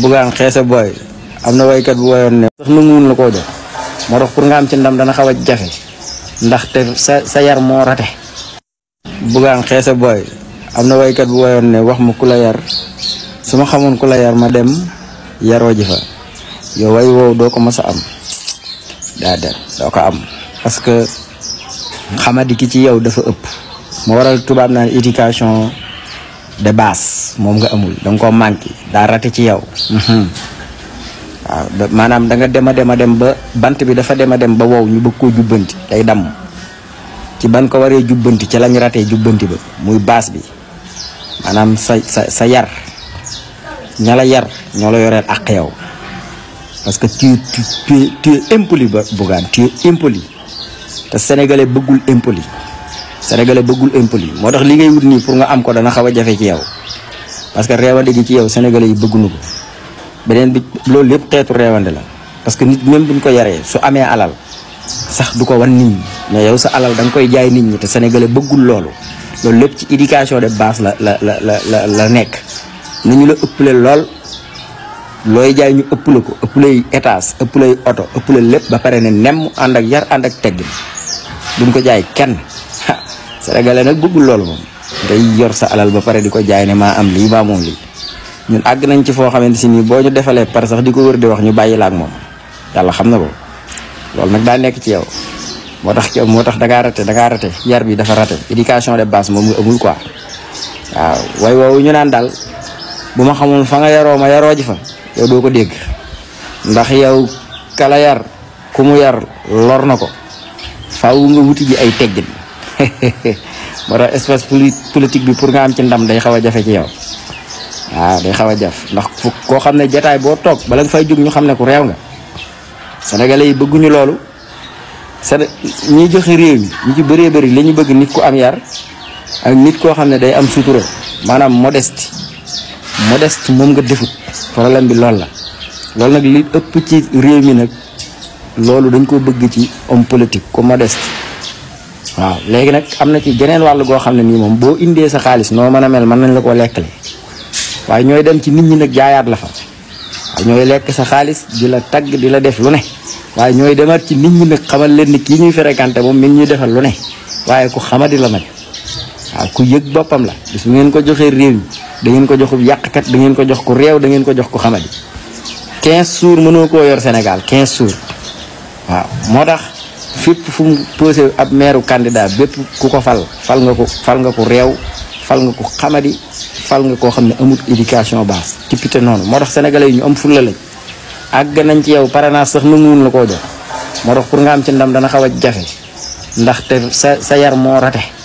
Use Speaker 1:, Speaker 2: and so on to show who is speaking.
Speaker 1: bugaan xeese booy am na waykat bu wayoon ne sax nanguwul la koo jox moo tax pour nga am ci ndam dana xaw a jafe ndaxte sa sa yar moo rate bugaan xeese booy am na waykat bu wayoon ne wax ma ku la yar su ma xamoon ku la yar ma dem yaroo ji fa yow way woow doo ko mës a am daa dem doo ko am parce que xamadi ki ci yow dafa ëpp moo waral tubaab naan éducation de base moom nga amul da nga koo manqué daa rate ci yow mhm. waaw ah, maanaam da nga dem a dem ba bant bi dafa dem dem ba wow ñu bëgg koo jubbanti day damm ci ban ko waree jubbanti ci lañ jubbanti ba muy baas bi maanaam sa sa yar ña yar ñoo la yoreel ak yow parce que tu tu tu es impoli ba Bougane tu es impoli te sénégalais bëggul impoli sénégalais bëggul impoli moo tax li ngay wut nii pour nga am ko dana ci yow parce que réewande gi ci yow sénégalais yi bëggunu ko beneen bi lo lépp xeetu réewande la parce que nit même buñ ko yaree su amee alal sax du wan nit ñi mais yow sa alal dan koy jaay nit ñi te sénégalais bëggul loolu loolu lépp ci éducation de base la la la la la la nekk ni ñu la ëppale lool looy jaay ñu ëpp ko ëpp lay étage ëpp lay oto ëpp ba pare ne nemm ànd ak yar ànd ak ko jaay kenn sénégalais nag bëggul loolu ngay yor sa alal ba pare di ko jaay ne ma am lii maa moom lii ñun àgg nañ ci foo xamante si nii boo ñu defalee par sax di ko wër di wax ñu bàyyi la ak moom yàlla xam na ko loolu nag daa nekk ci yow moo tax ci moo tax dangaa rate dangaa rate yar bi dafa rate éducation de base moom amul quoi waaw way woowu ñu naan daal bu ma xamul fa nga yaroo ma yaroo ji fa doo ko dégg ndax yow kala yar ku mu yar lor na ko faaw nga wuti ji ay teggin moo tax espace politique bi pour nga am ci ndam day xaw a jafe ci yow waaw day xaw a jaf ndax fu koo xam ne jataay boo toog bala nga fay jug ñu xam ne ku réew nga sénégalais yi bëgguñu loolu séné ñi joxe réew mi ñu ci bëree bëri li ñu bëgg nit ku am yar ak nit koo xam ne day am sutura maanaam modeste modeste moom nga defut problème bi lool la loolu nag li ëpp ci réew mi nag loolu dañ ko bëgg ci homme politique ku modeste waaw léegi nag am na ci geneen wàll goo xam ne nii moom boo indee sa xaalis noo mën a mel mën nañ la koo lekkale waaye ñooy dem ci nit ñi nag jaayaat la fa waaye ñooy lekk sa xaalis di la tagg di la def lu ne waaye ñooy demaat ci nit ñi nag xamal leen ni kii ñuy fréquenté moom mi ñuy defal lu ne waaye ku xamadi la nag waaw ku yëg boppam la bis su ngeen ko joxee réew mi da ko joxub yàqkat da ngeen ko jox ku réew da ngeen ko jox ku xamadi 15 jours mënoo koo yor Sénégal 15 jours waaw fépp fu mu posé ab meeru candidat bépp ku ko fal fal nga ko fal nga ko réew fal nga ko xamadi fal nga koo xam ne amul éducation base tippite noonu moo tax sénégalais yi ñu am fulla lañ àgg nañ ci yow naa sax nanguwul la koo jox moo tax pour nga am ci ndam dana xaw a jafe ndaxte sa sa yar moo rate